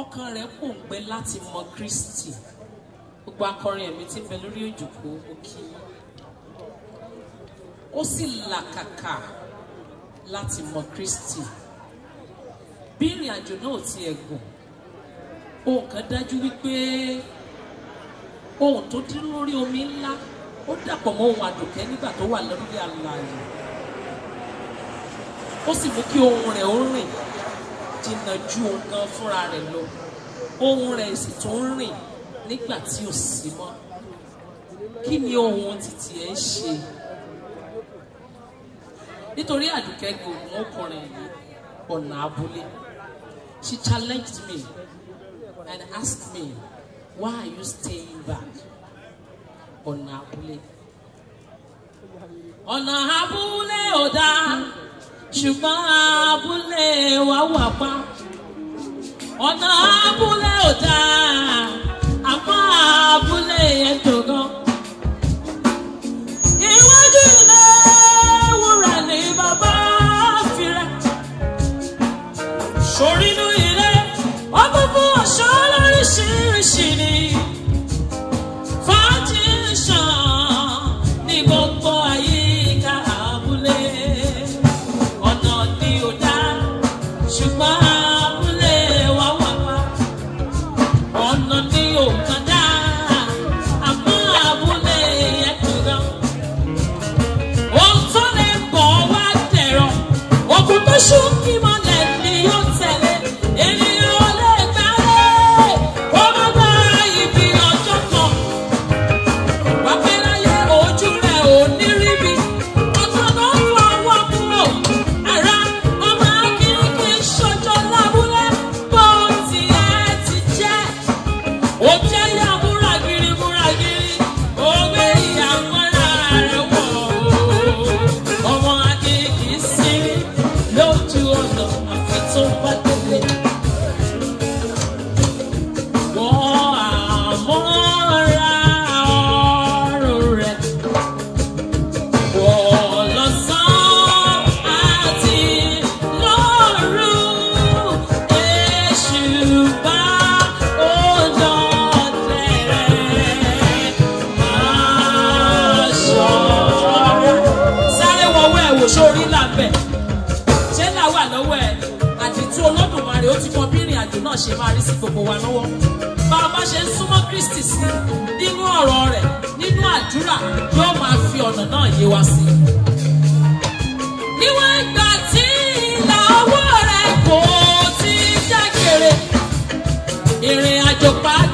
ọkàn rẹ̀ kò ń gbẹ láti mọ Kristi gbogbo akọrin ẹ̀mí tí ń bẹ lórí òjòkó òkè ó sì làkàkà láti mọ Kristi bí ìrìn àjò náà ti ẹ̀gùn ohun kan dájú wípé ohun tó dín lórí omi ńlá ó dàpọ̀ mọ́ ohun àdùnkẹ́ nígbà tó wà lórí àlàyé ó sì mú kí ohun rẹ̀ ó rìn jìnnà ju nǹkan fúnra rẹ̀ lọ ohun rẹ̀ sì tó ń rìn nígbà tí ò sí mọ́ kí ni ohun títí ẹ̀ ń ṣe nítorí àdùkẹ́ gbòògùn ọkùnrin yìí ọ̀nà abúlé she challenged me and asked me why are you staying back ọ̀nà abúlé ọ̀nà abúlé ò ṣùgbọ́n abúlé wa wà pa ọ̀nà abúlé ò dáa. ètò náà ṣe máa rí sí gbogbo wa lọ́wọ́ bá a bá ṣe ń súnmọ́ Kristi sí nínú ọ̀rọ̀ rẹ̀ nínú àdúrà yóò máa fi ọ̀nà náà yé wa sí. níwọ̀n ìgbà tí ìlà rẹ̀ kò ti jákèrè ìrìn àjò pàdé.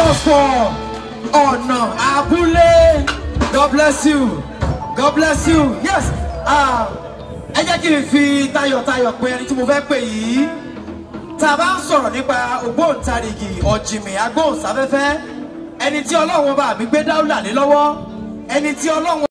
Gbọ̀fọ̀ ọ̀nà abúlé. God bless you. God bless you. Yes. ah, jẹ́ kí n fi tayo pé ẹni tí mo fẹ́ pè yìí. Tá a bá ń sọ̀rọ̀ nípa ògbóǹtarìgì ọ̀jìnmí agbóhùnsáfẹ́fẹ́. Ẹni tí Ọlọ́run bá mi gbé dáúlà lé lọ́wọ́. Ẹni tí Ọlọ́run.